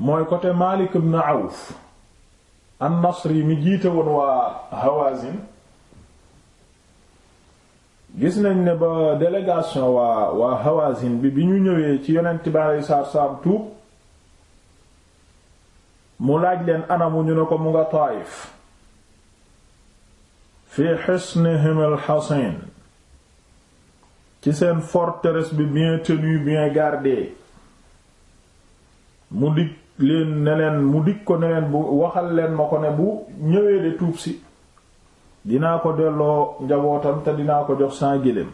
mooy côté Malik ibn Awf an-Nasri mi jiite woon waa Hawazin gis nañ ne ba délégation waa waa Hawazin bi bi ñu ñëwee ci yonent baalay saar saam tuub mu laaj leen anamu ñu ne ko mu nga Taayif fi hisnihim al-hasin ci seen forteresse bi bien tenue bien gardée mu dig leen ne mu dig ko ne leen bu waxal leen ma ko ne bu ñëwee de tuub si dinaa ko delloo njabootam te dinaa ko jox sans gëléem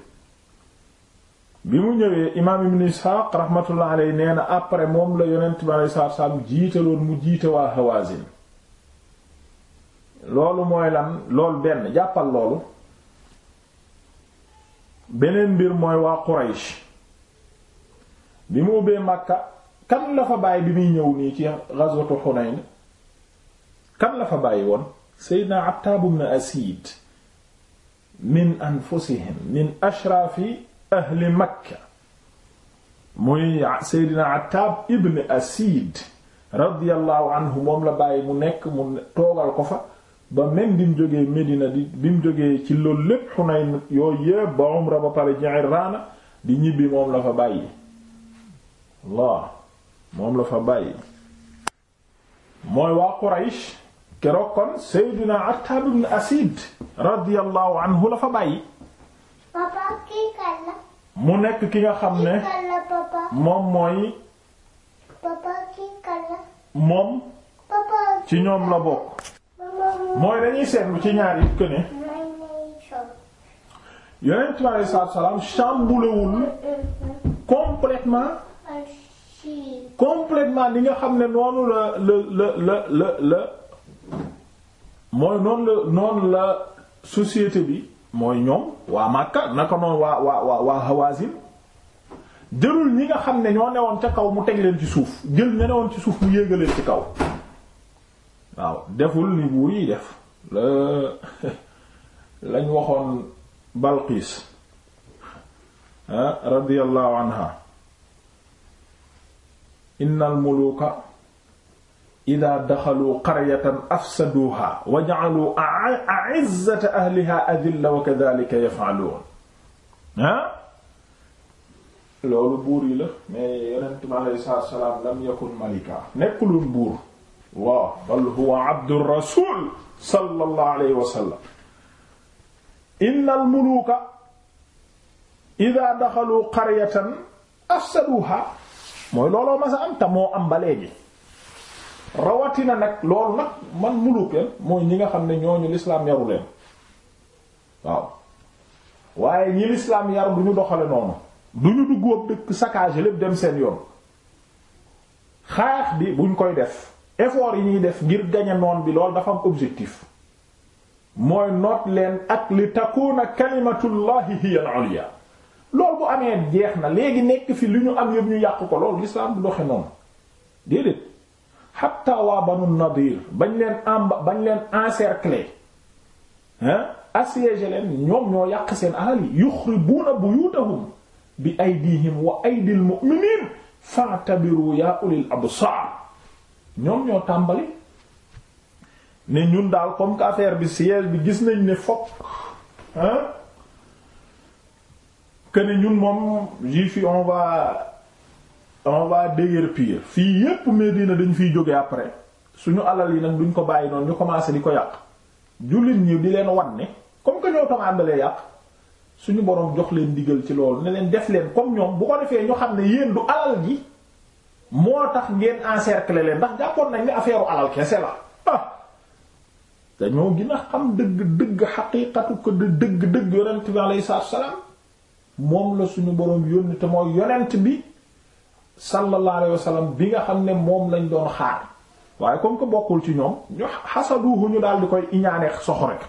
bi mu ñëwee imaam ibn Isxaaq rahmatullah alayhi nee na après moom la yonent bi alayhi salaatu salaam jiitaloon mu jiite waa Hawaazin loolu mooy lan loolu benn jàppal loolu beneen mbir mooy waa Quraysh bi mu ubbee Makka kan la fa bàyyi bi muy ñëw nii ci ghazwatu Hunayn kan la fa bàyyi woon Seydina Attab ibn Asid min anfusihim min ashrafi ahli Makka muy Seydina Attab ibn Asid radiyallahu moom la bàyyi mu nekk mu toogal ko fa ba même bi mu jógee Medina di bi mu jógee ci loolu lépp Hunayn yooyu yépp ba umra ba pare Ji'irraana di ñibbi moom la fa bàyyi moom la fa bàyyi mooy waa Quraysh keroog kon Seydina Attab ibn Asid radiyallahu la fa bàyyi mu nekk ki nga xam ne moom mooy moom ci ñoom la bokk mooy dañuy seetlu ci ñaar yi que ne yonent bi complètement li nga xam ne noonu la la la la mooy noonu la noonu la société bi mooy ñoom waa Makka naka noonu waa waa waa waa Hawazin jëlul ñi nga xam ne ñoo newoon ca kaw mu teg leen ci suuf jël ña newoon ci suuf mu yéegaleen ci kaw waaw deful li buur yi def la lañ waxoon Balqiis ah, radiyallahu anha innal muluka ida daxalu qaryatan afsaduha wa ja'alu a'izzata ahliha adilla wa kadhalika yaf'alun ah loolu buur yi la mais yonent bi aleyhi salaatu salaam lam yakun malika nekkuloon buur waaw bal huwa abdu rasul sallallahu alayhi wa sallam innal muluka ida daxalu qaryatan afsaduha mooy looloo ma sa am te moo am ba léegi rawatina nag loolu nag man muluk leen mooy ñi nga xam ne ñooñu lislaam yaru leen waaw waaye ñi lislaam yar du ñu doxale noonu du ñu dugg dëkk saccage lépp dem seen yoon xaax bi buñ koy def effort yi ñuy def ngir gañe noon bi loolu dafa am objectif mooy noot leen ak li takuna kalimatullahi hiya al-ulya lool bu amee jeex na léegi nekk fi li ñu am yëpp ñu yàq ko loolu lislaam du doxe noonu déedéet hatta waa banu nadir bañ leen emba bañ leen encercler hein assiéger leen ñoom ñoo yàq seen alal yi bu buyutahum bi aydihim wa aydil mu'minin fa'tabiru ya ulil absar ñoom ñoo tàmbali ne ñun daal comme que affaire bi siège bi gis nañ ne fokk que ne ñun moom juif yi on va on va déguerpir fii yépp Médina dañ fiy jóge après suñu alal yi nag duñ ko bàyyi noonu ñu commencé di ko yàq jullit ñi di leen wan ne comme que ñoo yàq suñu boroom jox leen digal ci loolu ne leen def leen comme ñoom bu ko defee ñu xam ne yéen du alal ji moo tax ngeen encercler leen ndax jàppoon nañ ne affaire alal kese la ah dañoo gën a xam dëgg dëgg xaqiiqatu ko dëgg dëgg yonent bi alayhi salaam moom la suñu boroom yónni te mooy yonent bi sallallahu alayhi wa bi nga xam ne moom lañ doon xaar waaye comme que bokkul ci ñoom ñu xasaduhu ñu daal di koy soxo rek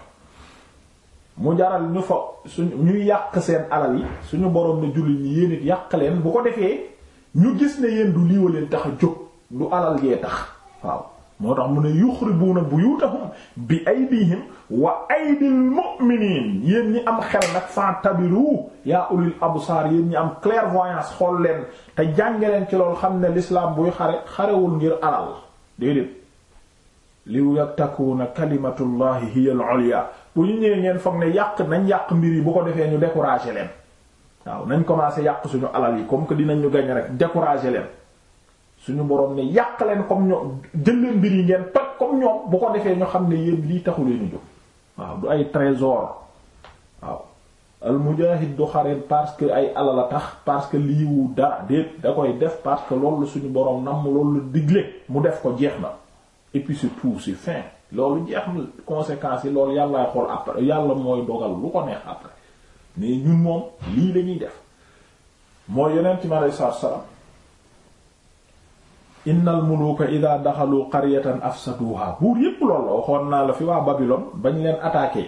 mu jaral ñu fa suñu ñuy yàq seen alal yi suñu boroom ne jullit ñi yéen yàq leen bu ko defee ñu gis ne yéen du liiwa leen tax a jóg du alal yee tax waaw moo tax mu ne yuxribuuna buyuutahum bi aydihim wa aydil mu'miniin yéen ñi am xel nag fa'tabiru yaa ulil absaar yéen ñi am clairvoyance xool leen te jàng leen ci loolu xam ne lislaam buy xare xarewul ngir alal déedéet li yaktakuuna kalimatullahi hiya al-ulya bu ñu ñëwee ngeen foog ne yàq nañ yàq mbir yi bu ko defee ñu décourager leen waaw nañ commencer yàq suñu alal yi comme que dinañ ñu gañ rek décourager leen suñu boroom ne yàq leen comme ñoom jël leen mbir yi ngeen toj comme ñoom bu ko defee ñu xam ne yéen lii taxu leen jóg waaw du ay trésor waaw al mujahid du xare parce que ay alal a tax parce que lii wu dara déet da koy def parce que loolu suñu boroom nam loolu digle mu def ko jeex na et puis c'est tout c'est fin loolu jeex conséquence yi loolu yàllaay xool après yàlla mooy dogal lu ko neex après mais ñun moom lii lañuy def mooy yeneen ci ma lay salaam. innal muluka idha daxalu qaryatan afsaduha buur yépp lool la waxoon naa la fi waa Babylone bañ leen attaqué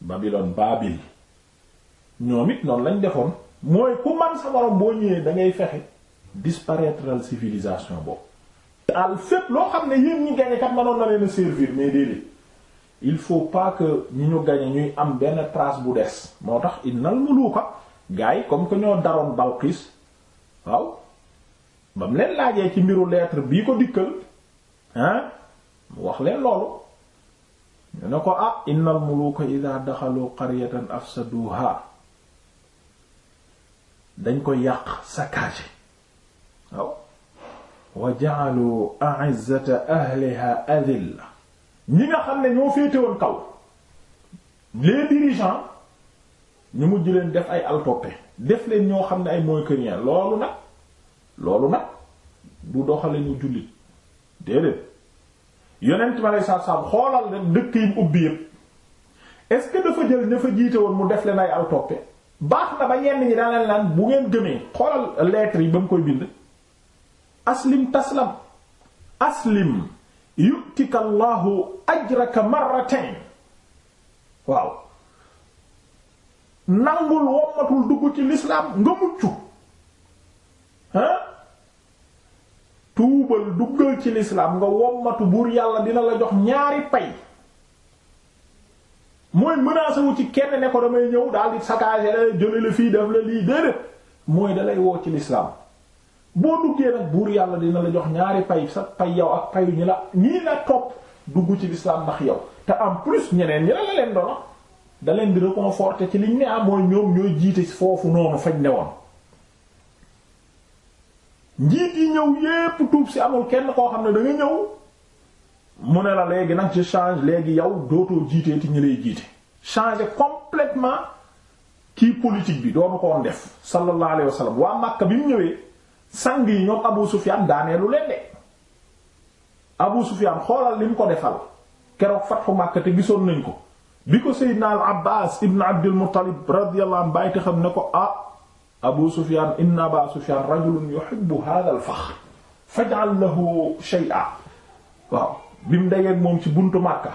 Babylone Babil ñoom it noonu lañ defoon mooy ku man sa borom boo ñëwee da ngay fexe disparaître la civilisation boobu. al fépp loo xam ne yéen ñi gañe kat na leen a servir mais déedéet il faut pas que ñi ñu gañe ñuy am benn trace bu des moo tax innal muluka gars yi comme que ñoo daroon Balqis waaw. ba mu leen laajee ci mbiru lettre bii ko dikkal ah mu wax leen loolu ñu ne ko ah innal muluka idha daxalu qaryatan afsaduha dañ ko yàq saccagé waaw wa ja'alu ahliha adilla ñi nga xam ne ñoo féete woon kaw les dirigeants ñu mujj leen def ay altoppe def leen ñoo xam ne ay mooy kër loolu nag loolu nag du doxalinu jullit déedéet yonent ma lay saab-saab xoolal rek dëkk yi mu ubbi yëpp est-ce que dafa jël ña fa jiite woon mu def leen ay aw toppe baax na ba ñenn ñi daan naan bu ngeen gëmee xoolal lettre yi ba mu koy bind aslim taslam aslim yu'tika allahu ajraka marratayn waaw nangul wommatul dugg ci l'islam nga mucc ah tuubal duggal ci lislaam nga wommatu buur yàlla dina la jox ñaari pay mooy menacé wu ci kenn ne ko damay ñëw daal di saccager la jële la fii def la lii déedéet mooy dalay woo ci lislaam boo duggee nag buur yàlla dina la jox ñaari pay sa pay yow ak payu ñi la ñii la topp dugg ci lislaam ndax yow te am plus ñeneen ñi la la leen doona da leen di réconforter ci liñ ne ah mooy ñoom ñooy jiite foofu noonu fañ ne woon njiit yi ñëw yépp tuub si amul kenn koo xam ne da ñëw mu ne la léegi nag je change léegi yow dootoo jiitee ti ñi lay jiite changer complètement kii politique bi doonu ko woon def sallallahu alayhi wa sallam waa Makka bi mu ñëwee sang yi ñoom Abu Sufyan daaneelu leen de Abu Sufyan xoolal li mu ko defal keroog fatxu Makka te gisoon nañ ko bi ko Seydina al Abbas ibn Abdul Muttalib radiyallahu bàyyi te xam ne ko ah abu sufyan inna aba sufyan rajulun yuhibbu hadha al fakhr faj'al mu dajeeg moom ci buntu Makka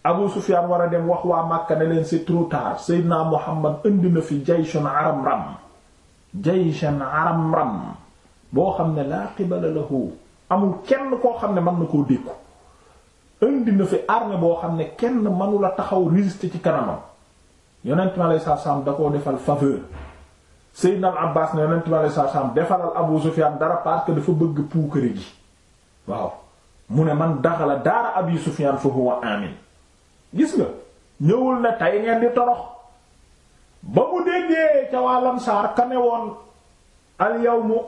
abu sufyan war a dem wax waa Makka ne leen c'est trop tard Seydina Muhammad indi na fi jayshun aramram jayshun aramram boo xam ne laa qibala lahu amul kenn koo xam ne mën na koo dékku indi na fi armée boo xam ne kenn mënula taxaw résister ci kanamam yonent mi alayhi salaam da koo defal faveur Seydina al na ne yonent bi sallallahu alayhi wasallam Abu Sufyan dara parce que dafa bëgg puukare gi waaw mu ne man daxala daara Abi Sufyan fa huwa amin gis nga ñëwul ne tey ngeen di torox ba mu déggee ca waa Lamsaar ka ne woon al yawmu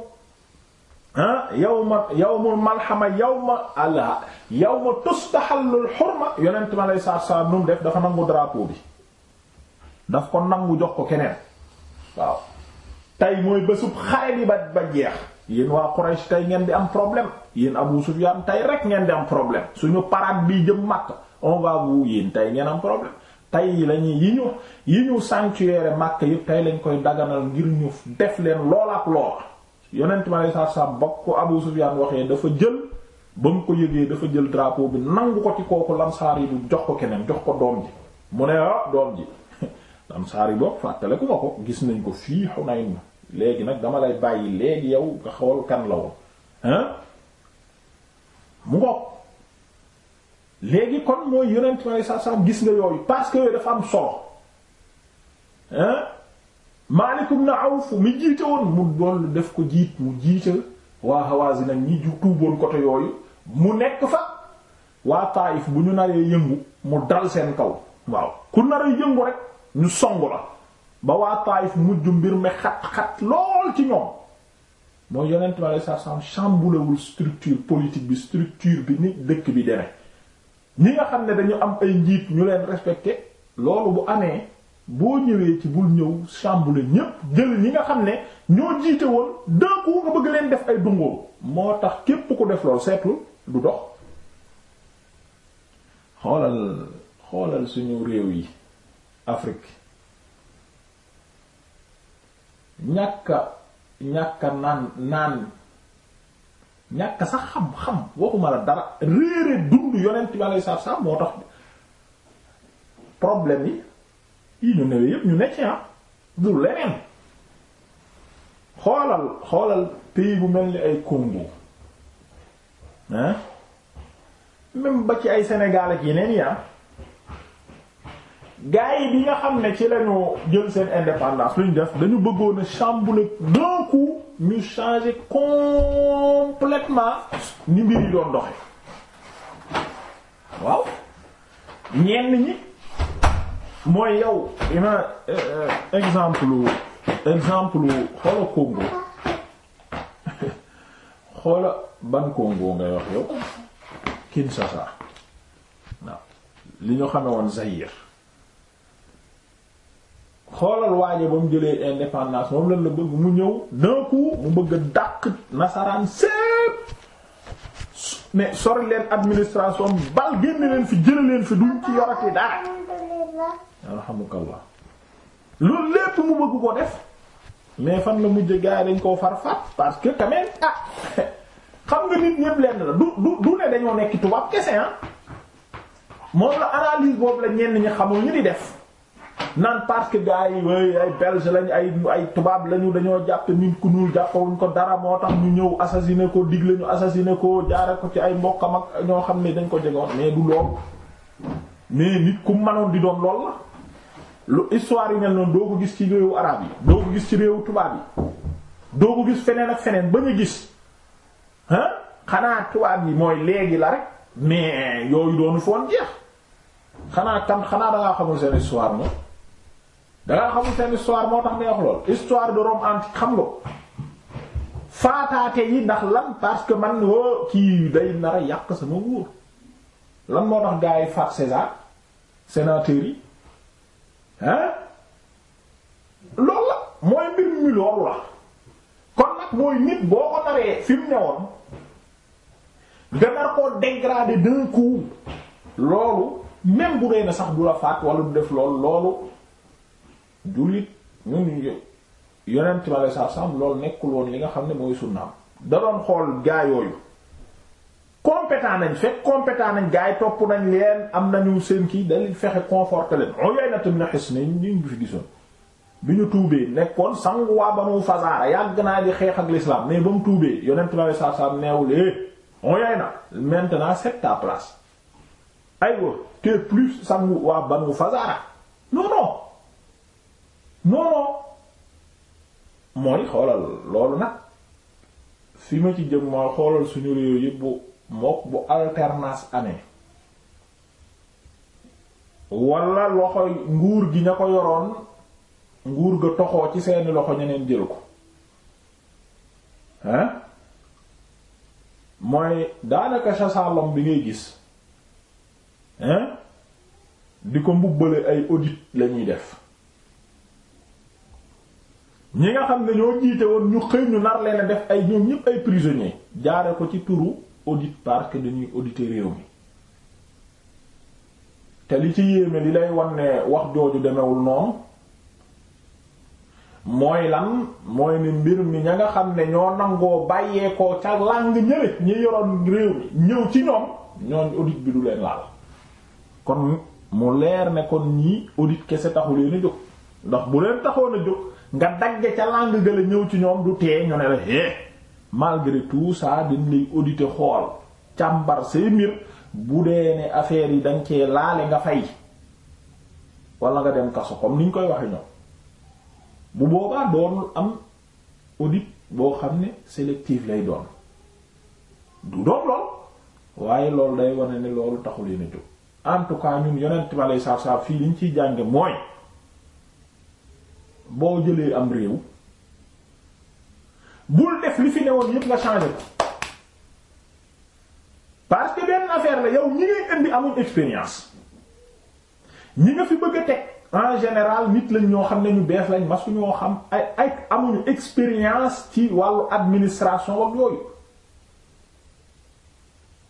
ah yawma yawmul malhama yawma al yawma tustahalul hurma yonent bi sallallahu alayhi nu mu def dafa nangu drapeau bi daf ko nangu jox ko keneen waaw. tey mooy bésub xare bi ba ba jeex yéen waa Quraysh tey ngeen di am problème yéen Abu Sufyan tey rek ngeen di am problème suñu parade bii jëm Makka on va vous yéen tey ngeen am problème tey lañuy yi ñu yi ñu sanctuaire Makka yëpp tey lañ koy daganal ngir ñu def leen lool ak loola yonent ma lay sa bokk ko Abu Sufyan waxee dafa jël ba mu ko yëgee dafa jël drapeau bi nangu ko ci kooku lamsaar yi bu jox ko keneen jox ko doom ji mu ne ah doom ji lamsaar yi bokk fàttale ku ma gis nañ ko fii Hunayn léegi nag dama lay bàyyi léegi yow nga xool kan la woon hein mu ngoog léegi kon mooy yonent ma saa sam gis nga yooyu parce que yooyu dafa am solo hein Maalik ibn Awf mi jiite woon mu doon def ko jiit mu jiite waa Hawazin nag ñi ju tuuboon côté yooyu mu nekk fa waa Taayif bu ñu naree yëngu mu dal seen kaw waaw ku naree yëngu rek ñu song la ba waa Taayif mujj mbir mi xat-xat lool ci ñoom mooy yonent ma lay sa sam chamboulewul structure politique bi structure bi ni dëkk bi demee ñi nga xam ne dañu am ay njiit ñu leen respecté loolu bu amee boo ñëwee ci bul ñëw chamboulé ñépp jël ñi nga xam ne ñoo jiite woon dënku nga bëgg leen def ay dungóobu moo tax képp ku def loolu seetlu du dox xoolal xoolal suñu réew yi Afrique ñàkka ñàkka naan naan ñàkka sax xam-xam waxuma la dara réere dund yonent bi alei satu salaam moo tax problème yi yi ñu newee yépp ñu necc ah du leneen xoolal xoolal pays bu mel ni ay Congo hein même ba ci ay Sénégal ak yeneen yi ah, gars yi bi nga xam ne ci lañu jël seen indépendance lu def dañu bëggoon a chambouler d'un coup ñu changer complètement ni mbir yi doon doxe waaw ñenn ñi mooy yow ima eh, eh, exemple exemple xoola Congo xoola ban Congo ngay wax yow Kinshasa waaw li ñu xame woon Zaïre xoolal waaje ba mu jëlee indépendance moom lan la bëgg mu ñëw d'un coup mu bëgg dàq nasaraan sépp mais sori leen administration bal génne leen fi jële leen fi duñ ci yorati dara alhamdulillah loolu lépp mu bëgg ko def mais fan la mujj gars yi dañ koo farfat parce que quand même ah, xam nga nit ñépp lenn la du du du ne dañoo nekk tubaab kese ah moom la analyse boobu la ñenn ñi xamul ñu di def naan parce que gars yi ay belge lañ ay ay tubaab lañu dañoo jàpp nit ku ñuul jàppawuñ ko dara moo tax ñu ñëw assassiné ko dig lañu assassiné ko jaare ko ci ay mbokkam ak ñoo xam ne dañ ko jegoon mais du lool mais nit ku mënoon di doon lool la lu histoire yi mel noonu doo ko gis ci réewu araab yi doo ko gis ci réewu tubaab yi doo ko gis feneen ak feneen ba ñu gis ah xanaa tubaab yi mooy léegi la rek mais yooyu doonu foon jeex xanaa tam xanaa dangaa xamul seen histoire dangaa xamul seen histoire moo tax may wax lool histoire de Rome antique xam nga faataate yi ndax lan parce que man woo oh, kii day nar yàq sama wóor lan moo tax gaa yi faat César sénateur hein loolu la mooy mbir mi loolu la kon nag mooy nit boo ko naree fi mu newoon nga koo dégrader d'un loolu même bu dee na sax du la faat wala du def loolu loolu jullit ñun yonent bi alei nekkul woon li nga xam ne mooy sunnaam da doon xool gaayooyu compétent nañ fekk compétent nañ gaay topp nañ leen am nañu seen kii dañ fexe conforté leen on yooyu na tamit na xis ne ñu ngi fi gisoon bi ñu tuubee nekkoon sangu waa banu fasaara yàgg naa di xeex ak l'islam mais ba mu tuubee yonent bi alei satu salaam neewul eh on yooy na maintenant c'est ta place aywa te plus sangu waa banu fasaara non non non mooy xoolal loolu nag fi ma ci jëm mooy xoolal suñu réew yëpp bu mook bu alternance amee wala loxo nguur gi ña ko yoroon nguur ga toxoo ci seeni loxo ñeneen jël ko hein mooy daanaka chasalom bi ngay gis hein di ko mbubbale ay audit lañuy def ñi nga xam ne ñoo jiite woon ñu xëy ñu nar leen def ay ñoom ñëpp ay prisonniers jaare ko ci turu audit parce que dañuy auditer réew mi te li ci yéeme li lay wan ne wax jooju demewul noonu mooy lan mooy ni mbir mi ña nga xam ne ñoo nangoo bàyyeekoo ca làng ñële ñi yoroon réew mi ñëw ci ñoom ñooñ audit bi du leen laal kon mu leer ne kon ñii audit kese taxu leen a jóg ndax bu leen taxoon a jóg nga dagge ca langue gëla ñëw ci ñoom du tee ñu ne la é malgré tout ça lay auditer xool càmbar say mbir bu dee ne affaire yi dañ cee laale nga fay wala nga dem kaso comme ni koy waxe ñoom bu boobaa doonul am audit boo xam ne sélectif lay doon du doon lool waaye loolu day wane ne loolu taxul yéen a ñun yonent ma lay saab saab fii liñ ciy jànge mooy boo jëlee am réew bul def li fi woon yépp nga changé ko parce que benn affaire la yow ñi ngay indi amuñ expérience ñi nga fi bëgg a teg en général nit lañ ñoo xam ne ñu bees lañ masu ñoo xam ay ay amuñu expérience ci wàllu administration wak yooyu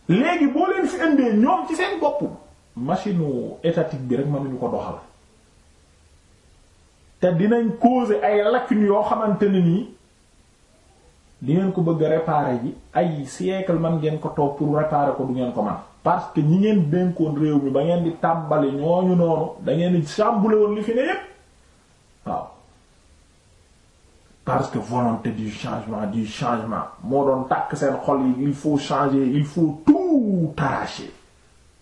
léegi boo leen fi indee ñoom ci seen boppu machine étatique bi rek mënuñu ko doxal te dinañ causer ay lacunes yoo xamante ne nii di ngeen ko bëgg a yi ay siècle man ngeen ko toog pour réparer ko du ngeen ko man parce que ñi ngeen dénkoon réew mi ba ngeen di tàmbali ñooñu noonu da ngeen di chambouler woon li fi ne yépp waaw parce que volonté du changement du changement moo doon tàkk seen xol yi il faut changer il faut tout arracher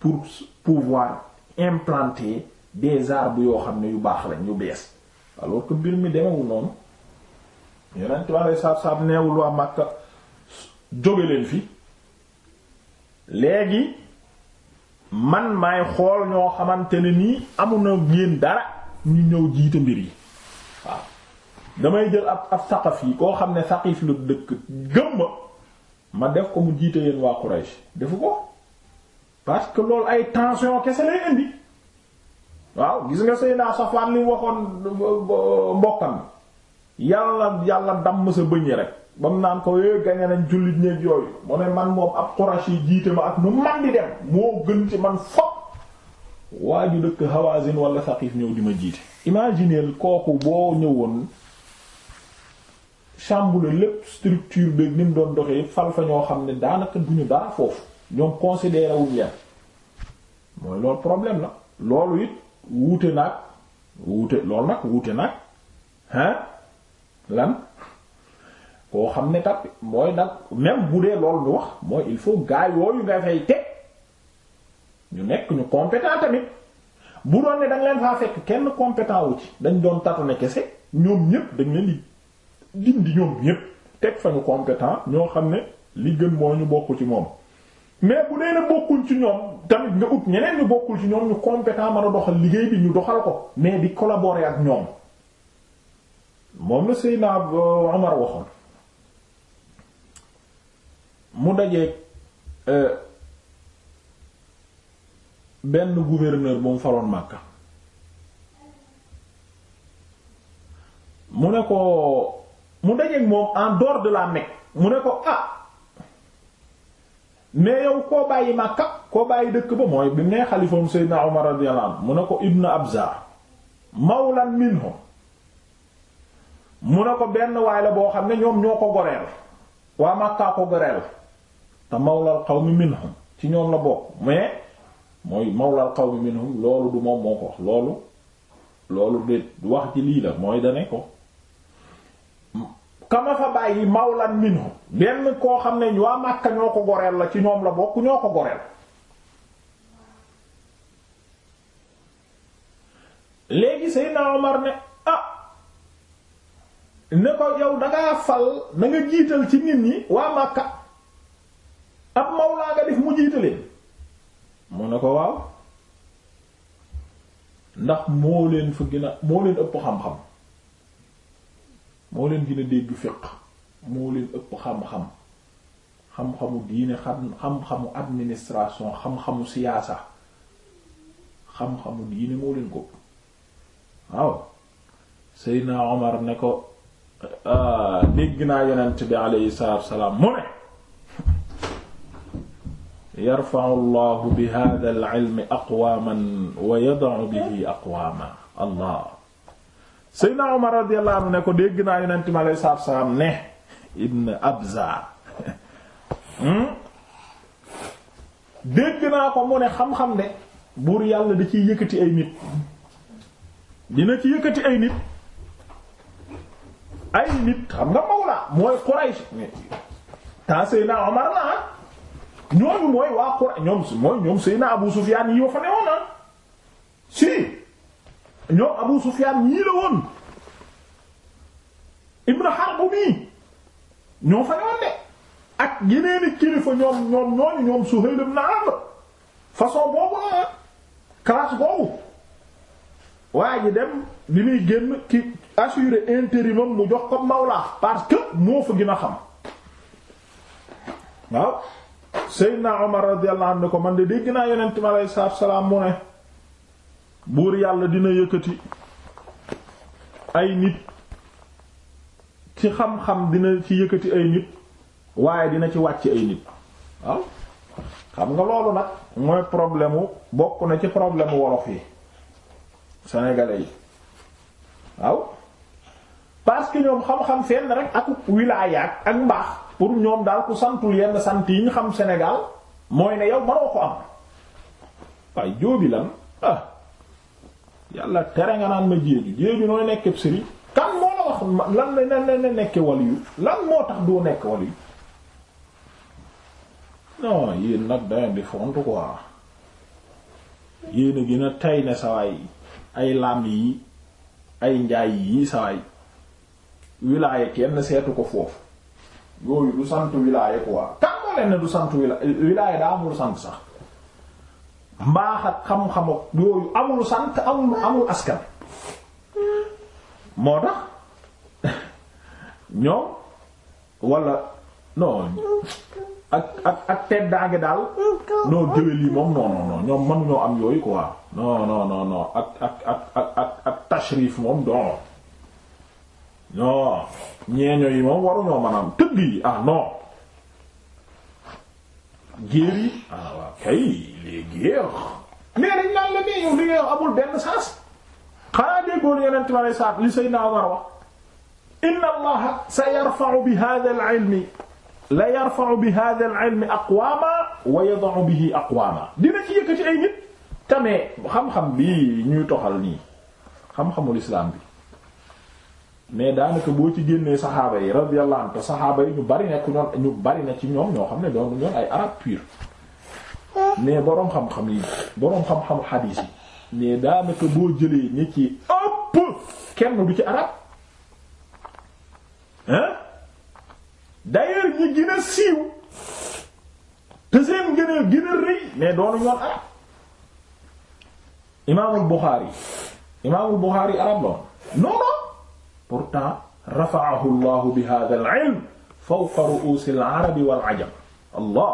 pour pouvoir implanter des arbres yoo xam ne yu baax lañ yu bees alors que mbir mi demewul noonu yeneen tubaab yi saabsaab neewul waa Makka jóge fi léegi man maay xool ñoo xamante ne nii amu na ngeen dara ñu ñëw jiite mbir yi waaw damay jël ab ab saqaf yi koo xam ne saqif lu dëkk gëm ma def ko mu jiite yéen waa Quraysh defu ko parce loolu ay tension kese lay indi waaw gis nga Seydina Safwaan li waxoon mbokkam yàlla yàlla damm sa bëñ rek ba mu naan ko yooyu gañe nañ jullit ñeeg yooyu mu ne man moom ab Qurashi yi jiite ma ak nu man di dem moo gën ci man fopp waa ju dëkk Hawazin wala Saqif ñëw di ma jiite imagineel kooku boo ñëwoon chamboulé lépp structure beeg ni doon doxee fal fa ñoo xam ne daanaka duñu dara foofu ñoom considéré wuñ mooy loolu problème la loolu it wuute naag wuute loolu nag wuute naag hein lan koo xam ne kat mooy nag même bu dee lool ñu wax mooy il faut gaa yooyu nga fay teg ñu nekk ñu compétent tamit bu doon ne da nga leen faa fekk kenn compétent wu ci dañ doon tatu ne kese ñoom ñépp dañ leen di dindi ñoom ñépp teg fa ñu compétent ñoo xam ne li gën moo ñu bokk ci moom mais bu dee ne ci ñoom tamit nga ut ñeneen ñu bokkul ci ñoom ñu compétent mën a doxal liggéey bi ñu doxal ko mais bi collaborer ak ñoom moom la Seydina Omar waxoon mu dajeeg euh, benn gouverneur bu mu faloon Makka mu ne ko mu dajeeg moom en dehors de la Mecque mu ne ko ah mais yow koo bàyyi Makka koo bàyyi dëkk ba mooy bi nee xalifoom Seydina Umar radiyallahu anhu mu ne ko Ibn Abza mawlan minhum mu ne ko benn waay la boo xam ne ñoom ñoo ko goreel waa Makka ko goreel te mawlal mi minhum ci ñoom la bokk mais mooy mawlal qawmi minhum loolu du moom moo ko wax loolu loolu de wax ci lii la mooy dane ko kama fa bàyyi mawlan minhu benn koo xam ne waa Makka ñoo ko goreel la ci ñoom la bokk ñoo ko goreel léegi Seydina Omar ne ah ne ko yow dangaa fal na nga jiital ci nit ñi waa Makka ab mawlaa nga def mu jiitaleen mu ne ko waaw ndax moo leen fa gën moo leen ëpp xam-xam moo leen gën a dégg fiq moo leen ëpp xam-xam xam-xamu diine xam xam-xamu administration xam-xamu siyaasa xam-xamu diine moo leen ko waaw Seydina Omar ne ko ah, dégg naa yonent bi aleyhi salaatu wasalaam mu ne yarfa'u Allahu bi haadha al-'ilmi aqwaaman wa yada'u bihi aqwaaman Allah Seydina Omar radiyallahu anhu ne ko dégg naa yonent mi alayhi salaatu salaam ne Ibn Abza hmm? dégg naa ko mu ne xam-xam de buur yàlla di ciy yëkkati ay nit dina ci yëkkati ay nit ay nit xam nga mawla mooy Quraysh ta Seydina Omar la ah? ñooñu mooy waa Quraysh ñoom mooy ñoom Seydina Abu Sufyaan yi yoo fa newoon na ah? si ñoom Abu Sufyaan ñii la woon Ibn Harb mii ñoo fa ñoon de ak yeneeni kilifa ñoom ñoom ñooñu ñoom Suhayl ibn Amr façon boobu la ah. classe boobu waa ji dem bi muy génn ki assurer intérim mu jox ko mawla parce que moo fa gën a xam waaw Seydina Omar radiyallahu anhu ko man de dégg naa yonent mi alayhi salaam mu ne buur yàlla dina yëkkati ay nit ci xam-xam dina ci yëkkati ay nit waaye dina ci wàcc ay nit waaw xam nga loolu nag mooy problème wu bokk na ci problème wolof yi sénégalais yi waaw parce que ñoom xam-xam fenn rek ak wilaayaat ak mbaax pour ñoom daal ku santul yenn sant yi xam senegaal mooy ne yow mënoo ko am waaye joobi lan ah yàlla tere nga naan ma jéeju jéeju nooy nekkeb sëriñ kan moo la wax lan la nekke waliyu lan moo tax doo nekk waliyu non yéen nag dangeen di font quoi yéen a gën a tay ne sawaay ay lam yi ay njaay yi sawaay wilaaya kenn seetu ko foofu yooyu du sant wilaaya quoi kan moo leen ne du sant wilaaya daa amul sant sax mbaax ak xam-xam ak yooyu amul sant amul amul askan moo tax ñoom wala non ak ak ak teddaange daal non déwél yi moom non non ñoom mën ñoo am yooyu quoi non non non ak ak ak ak ak moom don non ñeeño yi moom waruñoo maanaam tëgg yi ah non géer yi ah waa kay yéegéex mais dañ naan la mais yow li ngay wax amul benn sens xanaa déggoon yonent ma saat li Seydina Omar wax inna allaha sa yarfa'u bi hadha al la yarfa'u bi hadha al-'ilmi aqwaman xam-xam bi ñuy toxal nii xam-xamul islam bi mais daanaka boo ci génnee saxaaba yi radiyallahu anhu te saxaaba yi ñu bari nekk ñoom ñu bari na ci ñoom ñoo xam ne doon ñoon ay arab pur mais boroom xam-xam yi boroom xam-xam xadiis yi mais daanaka boo jëlee ñi ci kenn bu ci arab hein d'ailleurs ñi gën a siiw te seen gën a gën a rëy mais arab loon non non pourtant rafa'ahu llahu bi hadha al-ilm fawqa ru'usi al allah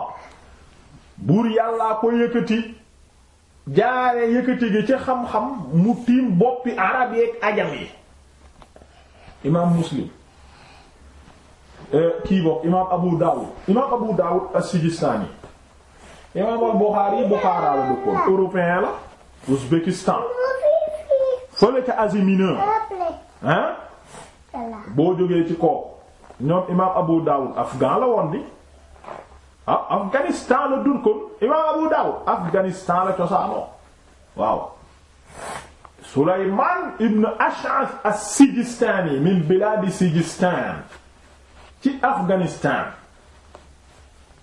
buur yàllaa ko yëkkati jaare yëkkati gi ci xam-xam mu tiim boppi arab yeeg ajam yi imaam muslim eh, kii bopp imaam abu daawud imaam abu daawud as-sijistani imaam al buxaari buxaara la dëkkoon européen la ouzbékistan fële ca asie mineure hein boo jógee ci kooku ñoom imaam abu daawud afghan la woon di ah Afghanistan la Durkum imaam Abu Dawud Afghanistan la cosaanoo waaw Sulaymaan ibn Ash'ath as-Sijistani min bilaadi Sijistan ci Afghanistan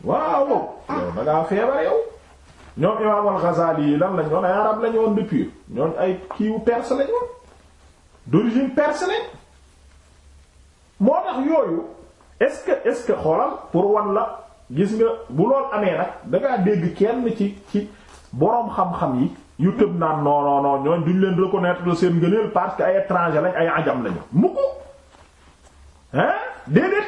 waaw yow da ngaa feebar yow ñoom imaam al-Ghazali yi lan lañ woon ay arab lañ woon depuis ñoom ay kiiwu perse lañ woon d'origine perse lañ moo tax yooyu est-ce xoolal pour wan la gis nga bu lool amee nag dangaa dégg kenn ci ci boroom xam-xam yi yu tëb naan non ñooñ duñ leen reconnaître seen ngëneel parce que ay étranger lañ ay ajam lañu mu ko hein déedéet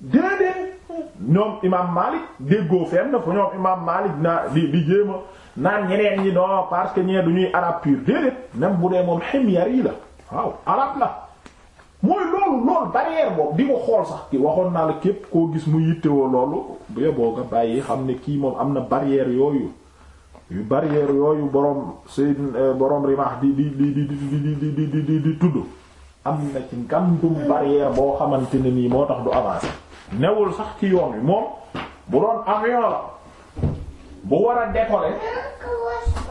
déedéet ñoom imaam Malik déggoo fenn fu ñoom imaam Malik naa di di jéema naan ñeneen ñi non parce que ñee du ñuy arab pur déedéet même bu dee moom ximyar yi la waaw arab la mooy loolu loolu barrière boobu di ko xool sax ki waxoon naa la képp koo gis mu yittewoo loolu bu yeboo nga bàyyi xam ne kii moom am na barrière yooyu yu barrière yooyu borom say borom rimaax di di di di di di di tudd am na ci ngandum barrière boo xamante ne nii moo tax du avancer newul sax ci yoon wi moom bu doon avion bu war a décoller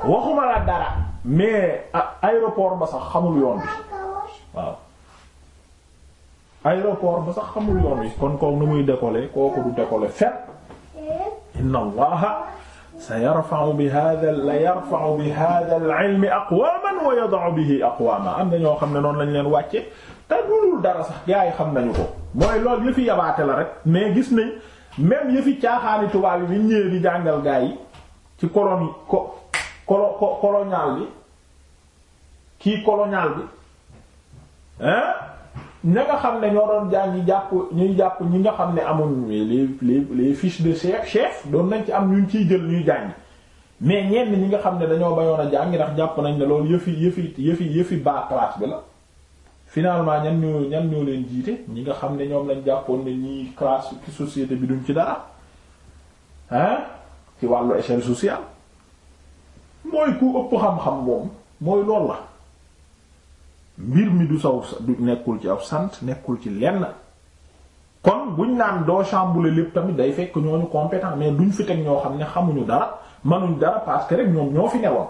waxuma la dara mais aéroport ba sax xamul yoon bi waaw aéroport ba sax xamul yoon wi kon kooku nu muy décoller kooku du décoller fet inna allaha sa yarfa'u bi hadha la yarfa'u bi hadha al-'ilmi aqwaman wa yada'u bihi am na ñoo xam ne noonu lañ leen wàcce te dulul dara sax gars yi xam nañu ko mooy loolu yëfi yabaate la rek mais gis nañ même yëfi caaxaani tubaab yi biñ ñëwee di jàngal gars yi ci colonie ko colo colonial bi kii colonial bi hein ña nga xam ne ñoo doon jàng ñi jàpp ñuy jàpp ñi nga xam ne amuñ les les les fiche de chef chef doon nañ ci am ñu ciy jël ñuy jàng mais ñenn ñi nga xam ne dañoo bayoon a jàng ndax jàpp nañ ne loolu yëfi yëfi yëfi baa bas classe bi la finalement ñan ñoo ñan ñoo leen jiite ñi nga xam ne ñoom lañ jàppoon ne ñi classe ci société bi duñ ci dara hein ci wàllu échelle sociale mooy ku ëpp xam-xam moom mooy loolu la mbir mi du saw du nekkul ci aw sant nekkul ci lenn kon buñ naan doo chamboulé lépp tamit day fekk ñooñu compétent mais duñ fi teg ñoo xam ne xamuñu dara mënuñ dara parce que rek ñoom ñoo fi newoon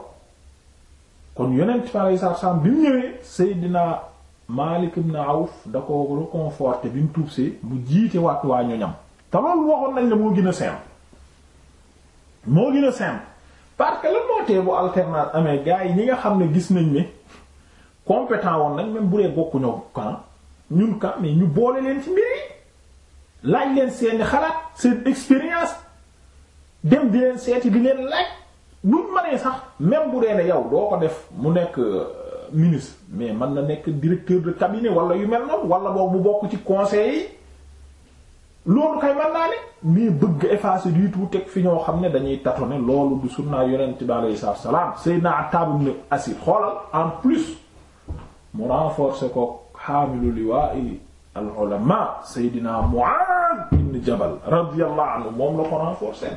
kon yonent fare sarsam bi mu ñëwee Seydina Malik ibn Awf da ko réconforté bi mu tuubsee mu jiite wàttu waa ñoñam te loolu waxoon nañ la moo gën a simple moo gën a simple parce que bu alternance amee gars yi ñi nga xam ne gis nañ ne compétent woon nañ même bu dee bokkuñoo kan ñun kan mais ñu boole leen ci mbir yi laaj leen seeni xalaat seen expérience dem di leen seeti bi leen laaj buñ mënee sax même bu dee ne yow doo ko def mu nekk euh, ministre mais mën na nekk directeur de cabinet wala yu mel na wala boobu mu bokk ci conseil yi loolu kay mën naa ne mais bëgg effacer du tout teg fi ñoo xam ne dañuy tâtonner loolu du sunnaa yonent bi alayhi salaam Seydina taabu ibn Asid xoolal en plus. mu renforcer ko xaamilu liwaa'i al ulama Seydina Mu'aad ibn Jabal radiyallahu anhu moom la ko renforcer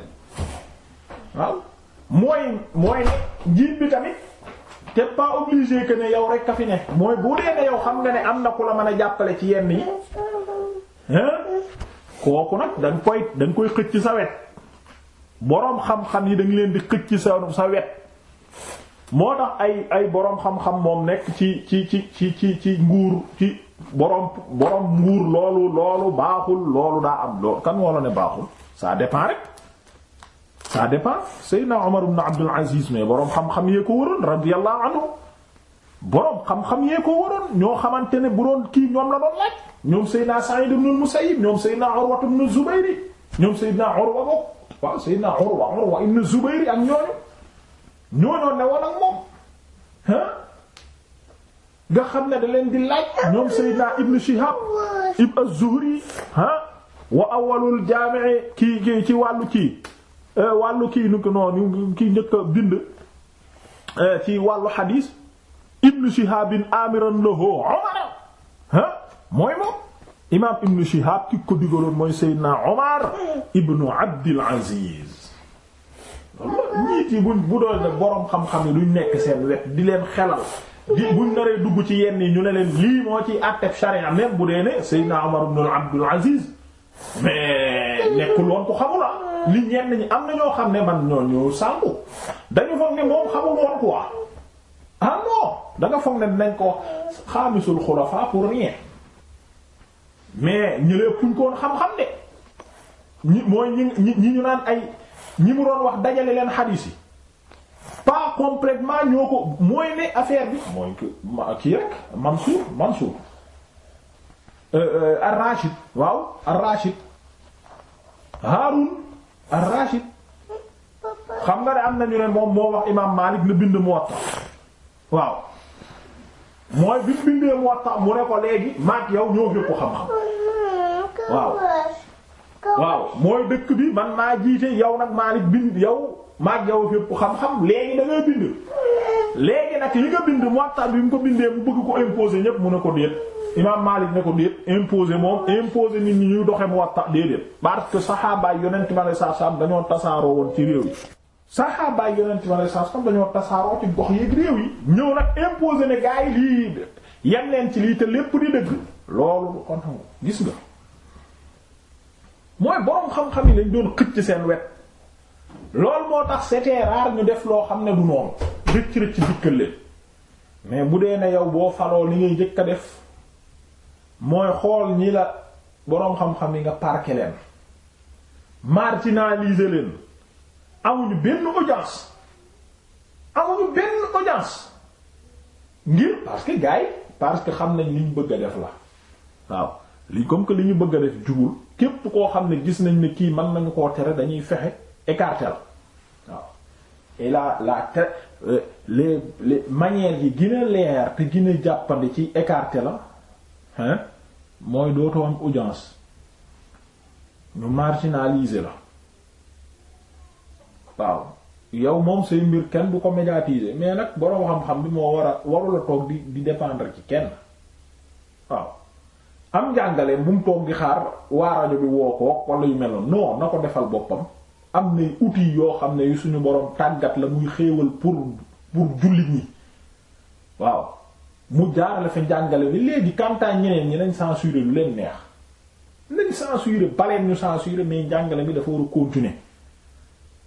waaw mooy mooy ne njiit bi tamit te pas obligé que ne yow rek ka fi ne mooy bu dee ne yow xam nga ne am na ku la mën a jàppale ci yenn yi kooku nag danga koy danga koy xëcc sa wet boroom xam-xam yi danga leen di xëcc sa sa wet moo tax ay ay boroom xam-xam moom nekk ci ci ci ci ci ci nguur ci boroom boroom nguur loolu loolu baaxul loolu daa am loolu kan moo la ne baaxul saa dépend rek ça dépend Seydina Omar ibn Abdul Aziz mais boroom xam-xam yee ko waroon radiyallahu anhu boroom xam-xam yee ko waroon ñoo xamante ne bu doon kii ñoom la doon laaj ñoom Seydina Sa'id ibn Musayyib ñoom Seydina Urwa ibn Zubayr ñoom Seydina Urwa bokk waaw Seydina Urwa Urwa ibn Zubayr ak ñooñu ñooñoon ne woon moom ah nga xam ne da leen di laaj ñoom Seydina Ibn Shihab Ibn Az-Zuhri ah wa awwalul jaami'i kii kii ci wàllu kii euh, wàllu kii nu ko noonu kii njëkk bind euh, ci wàllu xadiis Ibn Shihab amiran lahu mooy moom imaam Ibn Shihab ki ko digaloon mooy Seydina Umar ibn Abdul nit yi buñ bu doon borom xam-xam yi duñ nekk seen wet di leen xelal di buñ naree dugg ci yenn yi ñu ne leen lii moo ci àtteeg charia même bu dee ne Seydina Omar ibn Abdul Aziz mais nekkul woon ko ah. li ñenn ñi am na ñoo xam ne man ñoo ñëw sànku dañu foog ne moom xamul woon quoi ah non da nga foog ne dinañ ko xaamisul xulafa pour rien mais ñi lee puñ ko woon xam-xam de ñi mooy ñi ñi ñu naan ay ñi mu doon wax dajale leen xadiis pas complètement ñoo ko mooy ne affaire bi mooy que kii rek Mansour euh, euh, rashid waaw Ar-Rashid Haarun Ar-Rashid xam nga ne am nañu ne moom moo wax imaam Maalik la bind Muwatta waaw mooy bi mu bindee Muwatta mu maak yow ñoo gëpp xam-xam waaw waaw mooy dëkk bi man maa jiite yow nag Maalik bind yow maag yow fépp xam-xam léegi da ngay bind léegi nag li nga bind Muwatta bi mu ko bindee mu bëgg ko imposer ñépp mu ne ko déet imaam Maalik ne ko déet imposer moom imposer nit ñi ñuy doxe Muwatta déedéet parce que saxaabaay yonent ma lay saasam dañoo tasaaroo woon ci réew yi saxaabaay yonent ma lay saasam dañoo tasaaroo ci gox yeeg réew yi ñëw nag imposer ne gaa yi lii yem leen ci lii te lépp di dëgg loolu gis nga mooy boroom xam-xam yi lañ doon xëcc seen wet lool moo tax c'était rare ñu def loo xam ne du noonu rëcc rëcc dikkal leen mais bu dee ne yow boo faloo li ngay njëkk a def mooy xool ñi la boroom xam-xam yi nga parquer leen marginaliser leen amuñu benn audience amuñu benn audience ngir parce que gars parce que xam nañ liñ bëgg a def la waaw li comme que li ñu bëgg a def jubul képp koo xam ne gis nañ ne kii mën nañu koo tere dañuy fexe écarter la waaw et la la te euh, les les manières yi gën leer te gën jàppandi ci écarter la hein mooy dootoo am audience ñu marginaliser la waaw yow moom say mbir kenn du ko médiatiser mais nag boroom xam-xam bi moo war a warula toog di di ci kenn waaw am njàngale bu mu toog di xaar waa rajo bi woo ko wala yu meloon noonu na ko defal boppam am nay uti yoo xam ne yu suñu boroom tàggat la muy xéewal pour pour jullit ñi waaw mu jaarale fi njàngale bi léegi campagne ñeneen ñi nañ censuré lu leen neex nañ censuré baleen ñu censuré mais njàngale bi dafa war a continuer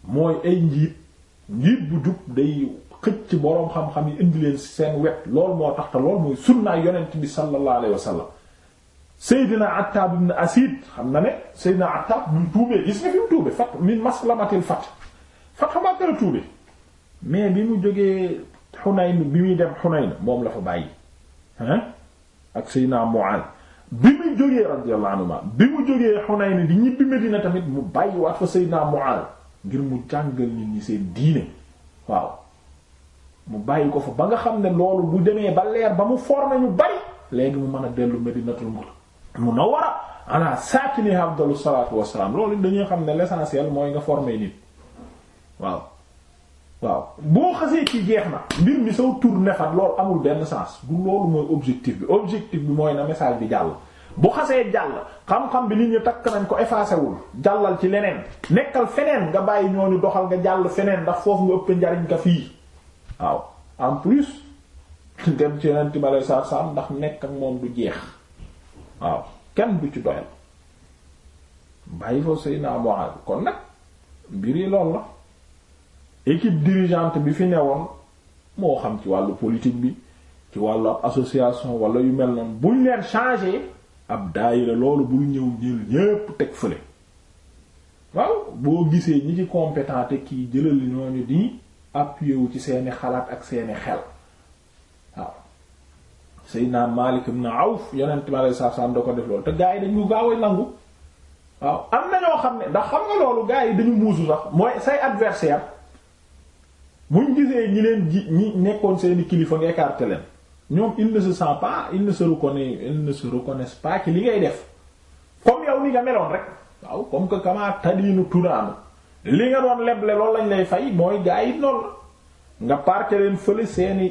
mooy ay njiit njiit bu jub day xëcc boroom xam-xam yi indi leen seen wet lool moo tax te lool mooy sunnaay yonent bi sallallahu alayhi wasallam Seydina Attab ibn Asid xam na ne Seydina Attab mu tuubee gis nga fi mu tuubee fat min maslamatil fat fat xamaa kër a tuubee mais bi mu jógee Xunayn bi muy dem Xunayn moom la fa bàyyi ak Seydina Mu'adh bi mu jógee radiyallahu bi mu jógee Xunayn di ñibbi Medina tamit mu bàyyi waat fa Seydina Mu'adh ngir mu jàngal nit ñi seen diine waaw mu bàyyi ko fa ba nga xam ne loolu bu demee ba leer ba mu for nañu bari léegi mu mën a dellu Medinatul Munawwara munawwara ala saakini afdalu salaatu wassalaam loolu dañuy xam ne l'essentiel mooy nga former nit waaw waaw boo xasee ci jeex na mbir mi saw tur nefat loolu amul benn sens bu loolu mooy objectif bi objectif bi mooy na message bi jàll bu xasee jàll xam-xam bi nit ñi takk nañ ko effacé wul jàllal ci leneen nekkal feneen nga bàyyi ñooñu doxal nga jàll feneen ndax foofu ëpp njariñ ka fii waaw en plus dem ci yeneen tibe saar saar ndax nekk ak moom du jeex waaw kenn du ci doyal bàyyi fa Seydina Muaad kon nag mbir yi lool la équipe dirigeante bi fi newoon moo xam ci wàllu politique bi ci wàllu association wala yu mel noonu buñ leen changer ab daayira loolu bul ñëw jël ñépp teg fële waaw boo gisee ñi ci compétent te kii jëlal ñooñu di appuyer wu ci seeni xalaat ak seeni xel Seydina Malik ibn Auf yonent mi alayhi salaam da ko def loolu te gaa dañu gaaw a nangu waaw am na ñoo xam ne ndax xam nga loolu gaa yi dañu muusu sax mooy say adversaire buñ gisee ñi leen ñi nekkoon seeni kilifa nga écarté leen ñoom il ne se pas il ne se reconnaît il ne se li ngay def comme yow ni nga meloon rek waaw comme que kama tadinu tunaanu li nga doon leble loolu lañ lay fay mooy gaa yi noonu nga parke leen fële seeni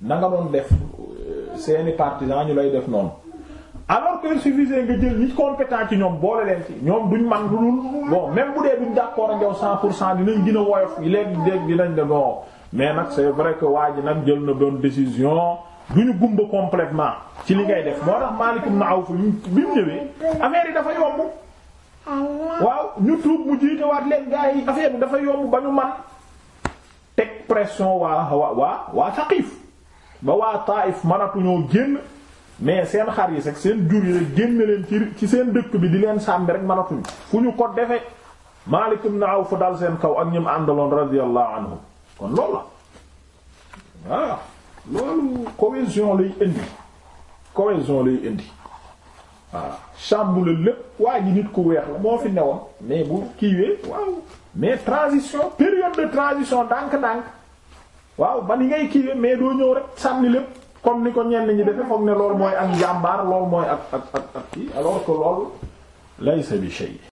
na nga doon def euh, seeni partisans ñu lay def noonu alors que il suffisait nga jël ñi compétent ci ñoom boole leen ci ñoom duñ man lu bon même bu dee duñ d'accord a yow 100 pour cent dinañ gën a woyof léeg-léeg dinañ de non mais nag c'est vrai que waa ji nag jël na doon décision duñu gumba complètement ci li ngay def moo tax aw ibn Awf bi mu ñëwee affaire yi dafa yomb. waaw ñu tuub mu jiitewaat leen gars yi dafa yomb ba ñu man teg pression waa waa waa ba waa Taif mënatuñoo génn mais seen xar yi sax seen jur yi rek génn leen ci ci seen dëkk bi di leen sàmbi rek mënatuñ fu ñu ko defee na aw fu dal seen kaw ak ñim àndaloon radiyallahu anhu kon loolu la waaw loolu cohésion lay indi cohésion lay indi waaw chamboule lépp waa ji nit ku weex la moo fi newoon mais bu kiiwee waaw mais transition période de transition ndànk-ndànk waaw ba ni ngay kii mais doo ñëw rek sànni lépp comme ni ko ñenn ñi defe foog ne loolu mooy ak njàmbaar loolu mooy ak ak ak ak kii alors que loolu laysa bi shay